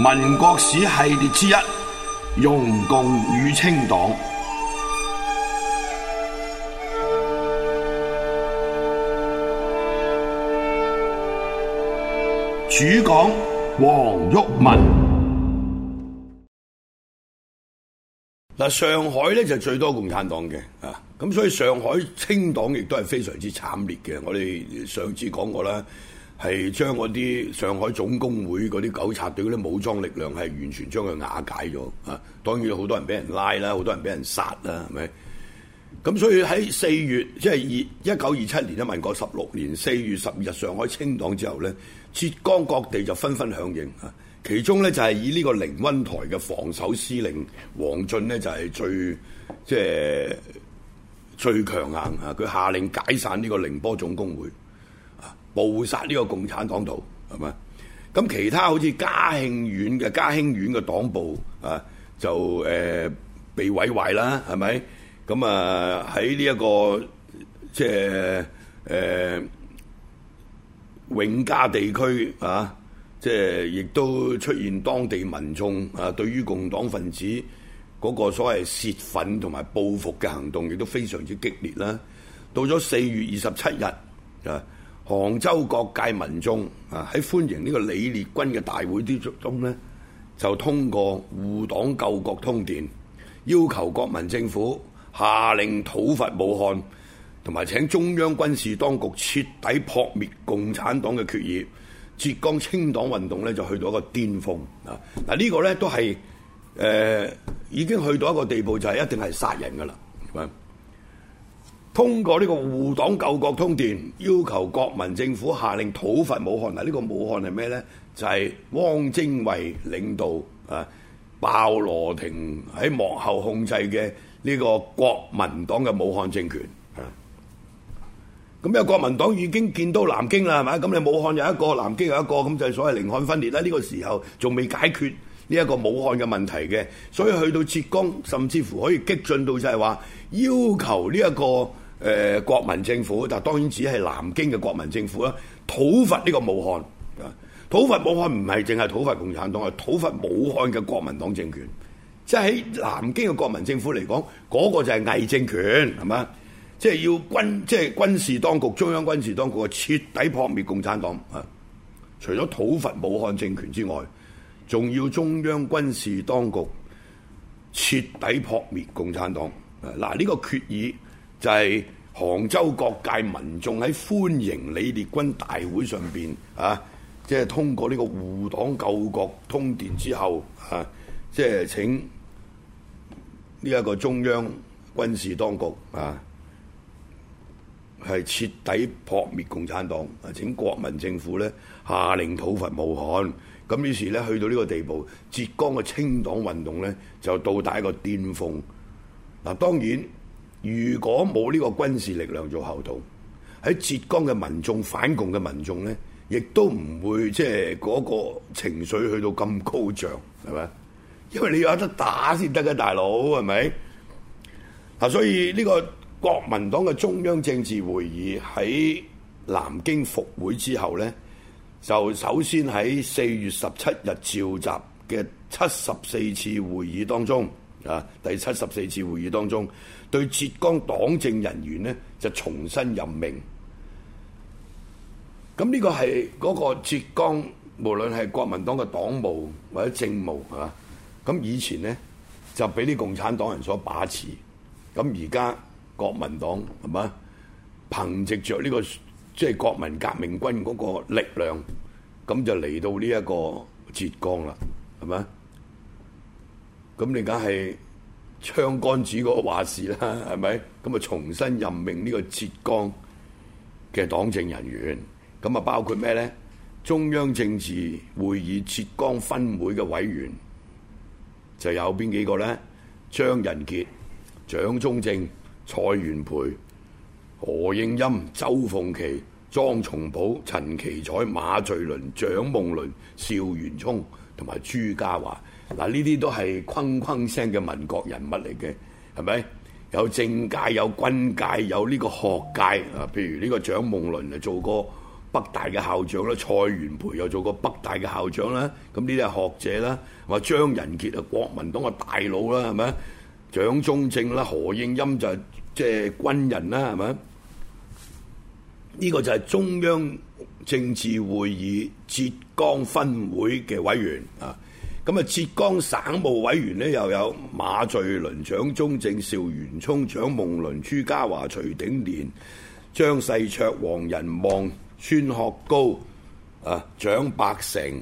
民國史系列之一，容共與清黨，主講黃毓民。嗱，上海咧就最多共產黨嘅啊，咁所以上海清黨亦都係非常之慘烈嘅。我哋上次講過啦。係將嗰啲上海總工會嗰啲糾察隊嗰啲武裝力量係完全將佢瓦解咗啊！當然好多人俾人拉啦，好多人俾人殺啦，係咪？咁所以喺四月即係二一九二七年，一民國十六年四月十二日上海清黨之後呢，浙江各地就紛紛響應啊！其中呢，就係、是、以呢個寧溫台嘅防守司令王俊呢，就係、是、最即係、就是、最強硬啊！佢下令解散呢個寧波總工會。暴殺呢個共產黨徒係嘛？咁其他好似嘉興縣嘅嘉興縣嘅黨部啊，就誒、呃、被毀壞啦，係咪？咁啊喺呢一個即係、呃、永嘉地區啊，即亦都出現當地民眾啊對於共黨分子嗰個所謂泄憤同埋報復嘅行動，亦都非常之激烈啦。到咗四月二十七日啊！杭州各界民眾啊，喺歡迎呢個李烈鈞嘅大會之中呢就通過護黨救國通電，要求國民政府下令討伐武漢，同埋請中央軍事當局徹底撲滅共產黨嘅決議。浙江清黨運動呢就去到一個巔峰，啊、這個！嗱呢個呢都係誒已經去到一個地步，就係一定係殺人㗎啦。通過呢個護黨救國通電，要求國民政府下令討伐武漢。嗱、啊，呢、這個武漢係咩呢？就係、是、汪精衛領導啊，鮑羅廷喺幕後控制嘅呢個國民黨嘅武漢政權。咁、啊、有國民黨已經見到南京啦，係咪？咁你武漢有一個，南京有一個，咁就係所謂寧漢分裂啦。呢、這個時候仲未解決呢一個武漢嘅問題嘅，所以去到浙江，甚至乎可以激進到就係話要求呢、這、一個。誒、呃、國民政府，但當然只係南京嘅國民政府啦。討伐呢個武漢，啊，討伐武漢唔係淨係討伐共產黨，係討伐武漢嘅國民黨政權。即係喺南京嘅國民政府嚟講，嗰、那個就係偽政權，係嘛？即係要軍，即係軍事當局、中央軍事當局，徹底撲滅共產黨啊！除咗討伐武漢政權之外，仲要中央軍事當局徹底撲滅共產黨嗱，呢、啊呢個決議。就係杭州各界民眾喺歡迎李烈軍大會上邊啊，即係通過呢個護黨救國通電之後啊，即係請呢一個中央軍事當局啊，係徹底撲滅共產黨啊！請國民政府呢下令討伐武漢。咁於是呢去到呢個地步，浙江嘅清黨運動呢就到達一個巔峰。嗱、啊、當然。如果冇呢個軍事力量做後盾，喺浙江嘅民眾、反共嘅民眾呢，亦都唔會即係嗰個情緒去到咁高漲，係咪？因為你要有得打先得嘅，大佬係咪？啊，所以呢個國民黨嘅中央政治會議喺南京復會之後呢，就首先喺四月十七日召集嘅七十四次會議當中，啊，第七十四次會議當中。對浙江黨政人員呢就重新任命，咁呢個係嗰個浙江無論係國民黨嘅黨務或者政務係嘛，咁以前呢就俾啲共產黨人所把持，咁而家國民黨係嘛，憑借著呢個即係國民革命軍嗰個力量，咁就嚟到呢一個浙江啦，係嘛？咁你梗係。槍杆子嗰個話事啦，係咪？咁啊重新任命呢個浙江嘅黨政人員，咁啊包括咩呢？中央政治會議浙江分會嘅委員就有邊幾個呢？張人傑、蔣中正、蔡元培、何應欽、周鳳岐、莊崇寶、陳其采、馬敍倫、蔣夢麟、邵元沖同埋朱家驊。嗱，呢啲都係轟轟聲嘅民國人物嚟嘅，係咪？有政界、有軍界、有呢個學界啊。譬如呢個蔣夢麟啊，做過北大嘅校長啦；蔡元培又做過北大嘅校長啦。咁呢啲係學者啦。話張人傑啊，國民黨嘅大佬啦，係咪？蔣中正啦，何應欽就係即係軍人啦，係咪？呢個就係中央政治會議浙江分會嘅委員啊。咁啊，浙江省務委員呢，又有馬敍倫、蔣中正、邵元沖、蔣夢麟、朱家驊、徐鼎年、張世卓、黃仁望、孫學高啊、蔣百成。誒、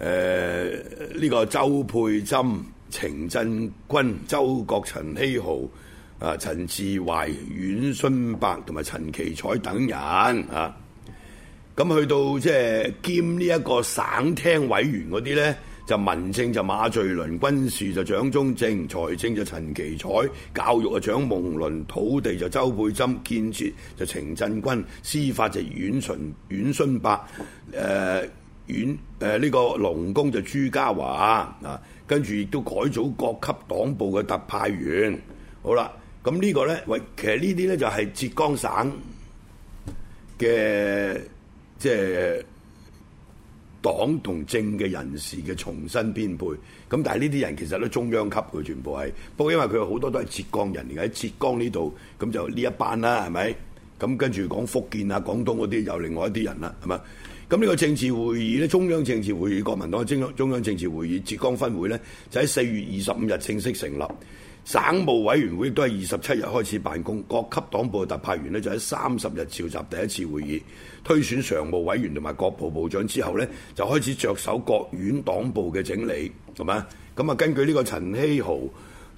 呃、呢、這個周佩箴、程振軍、周國陳希豪啊、陳志懷、阮舜伯同埋陳其彩等人啊。咁去到即係兼呢一個省廳委員嗰啲呢，就民政就馬敘倫，軍事就蔣中正，財政就陳其采，教育就蔣夢麟，土地就周佩珍，建設就程振軍，司法就阮純阮純伯，誒、呃，阮誒呢個農工就朱家驊啊，跟住亦都改組各級黨部嘅特派員。好啦，咁呢個呢，喂，其實呢啲呢，就係浙江省嘅。即係黨同政嘅人士嘅重新編配，咁但係呢啲人其實都中央級嘅，佢全部係。不過因為佢有好多都係浙江人，而喺浙江呢度，咁就呢一班啦，係咪？咁跟住講福建啊、廣東嗰啲，又另外一啲人啦，係嘛？咁呢個政治會議咧，中央政治會議、國民黨中央政治會議、浙江分會咧，就喺四月二十五日正式成立。省務委員會都係二十七日開始辦公，各級黨部特派員呢就喺三十日召集第一次會議，推選常務委員同埋各部部長之後呢，就開始着手各縣黨部嘅整理，係嘛？咁啊，根據呢個陳希豪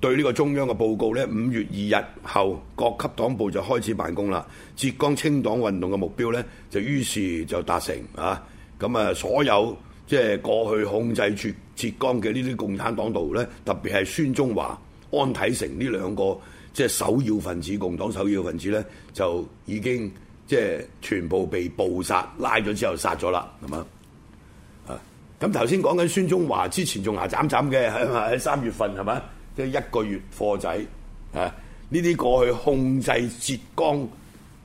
對呢個中央嘅報告呢，五月二日後各級黨部就開始辦公啦。浙江清黨運動嘅目標呢，就於是就達成啊。咁啊，所有即係、就是、過去控制住浙江嘅呢啲共產黨徒呢，特別係孫中華。安體誠呢兩個即係、就是、首要分子，共黨首要分子咧，就已經即係、就是、全部被捕殺拉咗，之後殺咗啦，係嘛？啊，咁頭先講緊孫中華之前仲牙斬斬嘅係喺三月份係咪？即係、就是、一個月貨仔啊！呢啲過去控制浙江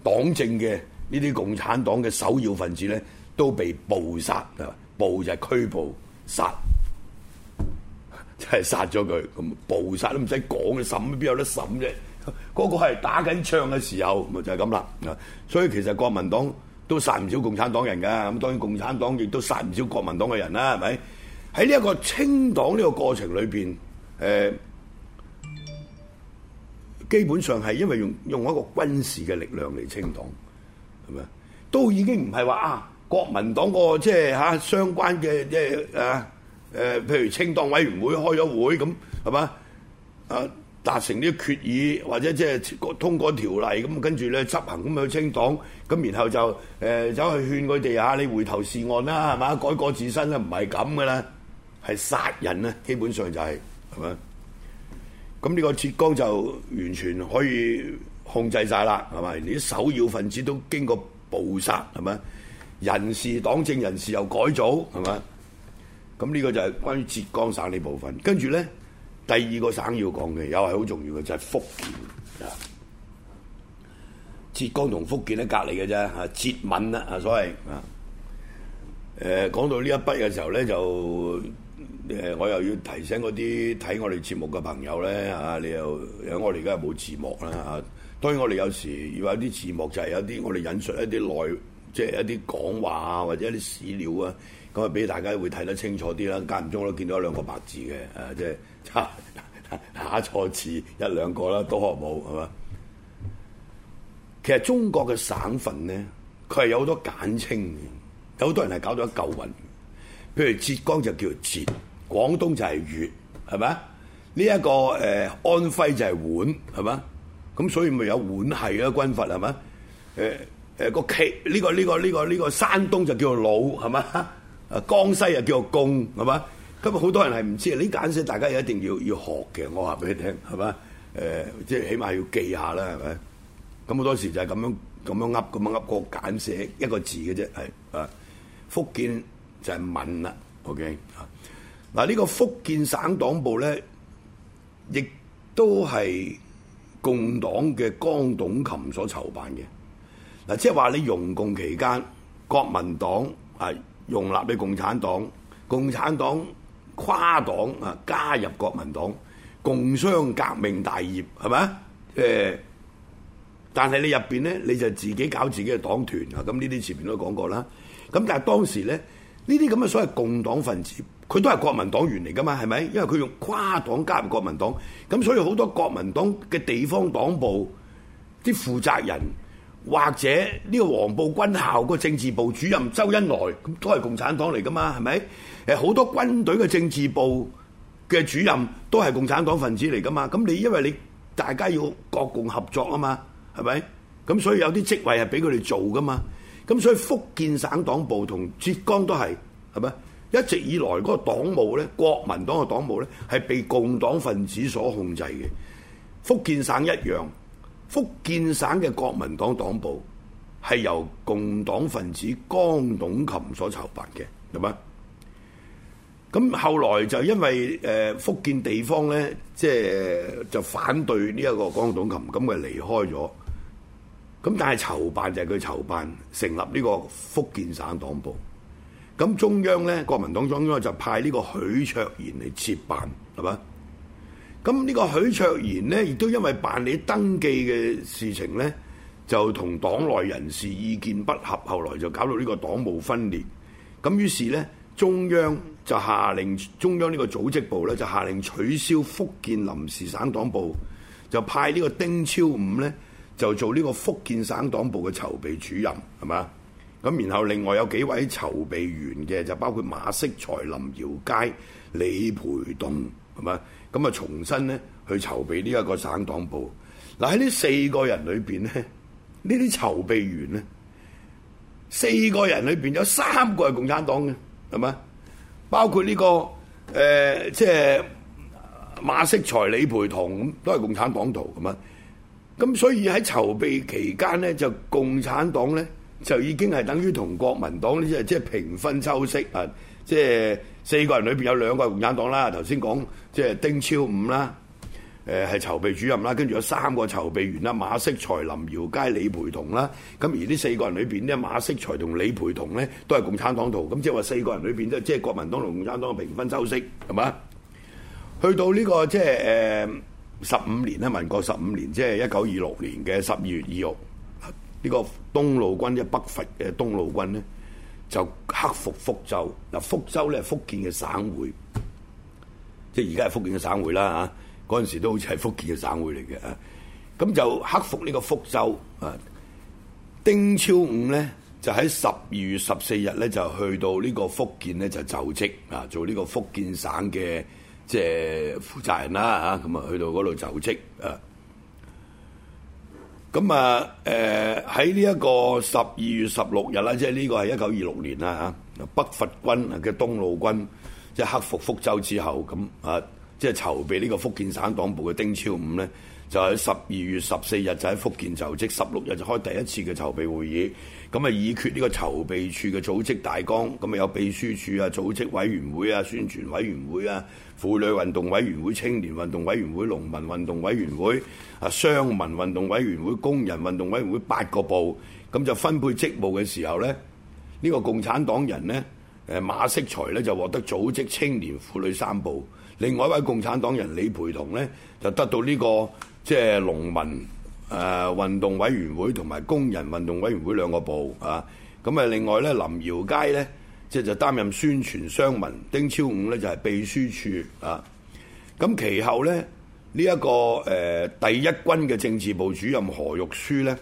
黨政嘅呢啲共產黨嘅首要分子咧，都被捕殺啊！捕就係拘捕殺。真係殺咗佢，暴殺都唔使講嘅，審邊有得審啫？嗰個係打緊槍嘅時候，咪就係咁啦。所以其實國民黨都殺唔少共產黨人噶，咁當然共產黨亦都殺唔少國民黨嘅人啦，係咪？喺呢一個清黨呢個過程裏邊，誒，基本上係因為用用一個軍事嘅力量嚟清黨，係咪都已經唔係話啊，國民黨個即係嚇相關嘅即係啊。誒，譬如清黨委員會開咗會咁，係嘛？啊，達成啲決議或者即係通過條例咁，跟住咧執行咁去清黨，咁然後就誒、呃、走去勸佢哋嚇你回頭是岸啦，係嘛？改過自身啦，唔係咁噶啦，係殺人啊！基本上就係係嘛。咁呢個浙江就完全可以控制晒啦，係咪？你啲首要分子都經過捕殺，係嘛？人事黨政人士又改組，係嘛？咁呢個就係關於浙江省呢部分，跟住咧第二個省要講嘅，又係好重要嘅，就係、是、福建啊！浙江同福建喺隔離嘅啫，啊，接吻啦啊，所謂啊，講、呃、到呢一筆嘅時候咧，就、呃、我又要提醒嗰啲睇我哋節目嘅朋友咧、啊，你又我哋而家冇字幕啦，啊，當然我哋有時要有啲字幕就，就係有啲我哋引述一啲內，即、就、係、是、一啲講話啊，或者一啲史料啊。咁啊，俾大家會睇得清楚啲啦。間唔中都見到一兩個白字嘅，啊，即係打錯字一兩個啦，都可冇係嘛。其實中國嘅省份咧，佢係有好多簡稱嘅，有好多人係搞咗一嚿雲。譬如浙江就叫浙，廣東就係粵，係咪？呢、這、一個誒、呃、安徽就係皖，係咪？咁所以咪有皖系嘅軍閥係咪？誒誒、呃呃這個企呢、這個呢、這個呢、這個呢個山東就叫做魯，係嘛？誒，江西又叫個公係嘛？今日好多人係唔知啊，啲簡寫大家一定要要學嘅，我話俾你聽係嘛？誒，即係起碼要記下啦，係咪？咁好多時就係咁樣咁樣噏咁樣噏個簡寫一個字嘅啫，係誒。福建就係閩啦，OK 嚇、啊。嗱、這、呢個福建省黨部咧，亦都係共黨嘅江董琴所籌辦嘅。嗱、啊，即係話你容共期間，國民黨係。啊容納你共產黨，共產黨跨黨啊加入國民黨，共商革命大業，係咪啊？誒，但係你入面呢，你就自己搞自己嘅黨團啊！咁呢啲前面都講過啦。咁、啊、但係當時呢，呢啲咁嘅所謂共黨分子，佢都係國民黨員嚟㗎嘛，係咪？因為佢用跨黨加入國民黨，咁所以好多國民黨嘅地方黨部啲負責人。或者呢個黃埔軍校個政治部主任周恩來咁都係共產黨嚟噶嘛？係咪？誒好多軍隊嘅政治部嘅主任都係共產黨分子嚟噶嘛？咁你因為你大家要國共合作啊嘛，係咪？咁所以有啲職位係俾佢哋做噶嘛？咁所以福建省黨部同浙江都係係咪？一直以來嗰個黨務咧，國民黨嘅黨務咧係被共黨分子所控制嘅，福建省一樣。福建省嘅國民黨黨部係由共黨分子江董琴所籌辦嘅，明白？咁後來就因為誒、呃、福建地方咧，即、就、係、是、就反對呢一個江董琴，咁佢離開咗。咁但係籌辦就係佢籌辦成立呢個福建省黨部。咁中央咧，國民黨中央就派呢個許卓然嚟接辦，係嘛？咁呢個許卓然呢，亦都因為辦理登記嘅事情呢，就同黨內人士意見不合，後來就搞到呢個黨務分裂。咁於是呢，中央就下令，中央呢個組織部呢，就下令取消福建臨時省黨部，就派呢個丁超五呢，就做呢個福建省黨部嘅籌備主任，係嘛？咁然後另外有幾位籌備員嘅，就包括馬式才、林耀佳、李培棟，係嘛？咁啊，重新咧去籌備呢一個省黨部。嗱，喺呢四個人裏面咧，呢啲籌備員咧，四個人裏面有三個係共產黨嘅，係嘛？包括呢、呢個、呃、即係馬式財、李培同，咁，都係共產黨徒咁啊。咁所以喺籌備期間咧，就共產黨咧就已經係等於同國民黨呢，即係平分秋色。啊！即係四個人裏邊有兩個係共產黨啦，頭先講即係丁超五啦，誒係籌備主任啦，跟住有三個籌備員啦，馬色才、林耀佳、佳、李培同啦。咁而呢四個人裏邊咧，馬色才同李培同咧都係共產黨徒。咁即係話四個人裏邊都即係國民黨同共產黨嘅平分秋色。係嘛？去到呢、呢個即係誒十五年咧，民國十五年，即係一九二六年嘅十二月二號，呢、呢個東路軍一、即係、北伐嘅東路軍咧。就克服福州嗱，福州咧係福建嘅省會，即係而家係福建嘅省會啦嚇。嗰陣時都好似係福建嘅省會嚟嘅，咁就克服呢個福州啊。丁超五咧就喺十二月十四日咧就去到呢個福建咧就就職啊，做呢個福建省嘅即係負責人啦嚇，咁啊去到嗰度就職啊。咁啊，誒喺呢一個十二月十六日啦，即係呢個係一九二六年啦嚇，北伐軍嘅東路軍即係克服福州之後，咁啊，即係籌備呢個福建省黨部嘅丁超五咧，就喺十二月十四日就喺福建就職，十六日就開第一次嘅籌備會議。咁啊，議決呢個籌備處嘅組織大綱，咁啊，有秘書處啊、組織委員會啊、宣傳委員會啊、婦女運動委員會、青年運動委員會、農民運動委員會、啊商民運動委員會、工人運動委員會八個部，咁就分配職務嘅時候呢呢、呢個共產黨人呢誒馬式才咧就獲得組織青年婦女三部，另外一位共產黨人李培同呢就得到呢、呢個即、即係、農民。誒、啊、運動委員會同埋工人運動委員會兩個部啊，咁另外咧林堯街咧即係就擔任宣傳商民，丁超五咧就係、是、秘書處啊。咁其後咧呢一、這個、呃、第一軍嘅政治部主任何玉書咧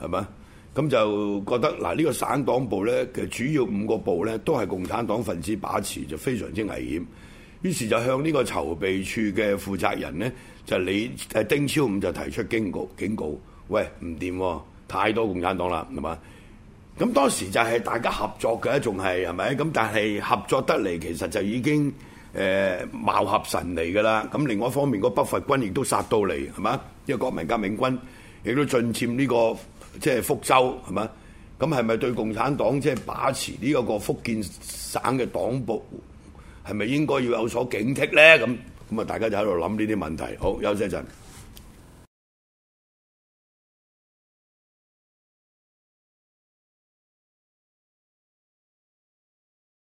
係嘛？咁就覺得嗱呢、啊這個省黨部咧嘅主要五個部咧都係共產黨分子把持，就非常之危險。於是就向呢個籌備處嘅負責人咧。就你丁超五就提出警告警告，喂唔掂、啊，太多共產黨啦，係嘛？咁當時就係大家合作嘅仲係係咪？咁但係合作得嚟，其實就已經誒貌、呃、合神離㗎啦。咁另外一方面，個北伐軍亦都殺到嚟，係嘛？因為國民革命軍亦都進佔呢、這個即係、就是、福州，係嘛？咁係咪對共產黨即係、就是、把持呢個個福建省嘅黨部係咪應該要有所警惕咧？咁？咁啊，大家就喺度諗呢啲問題，好，休息一陣。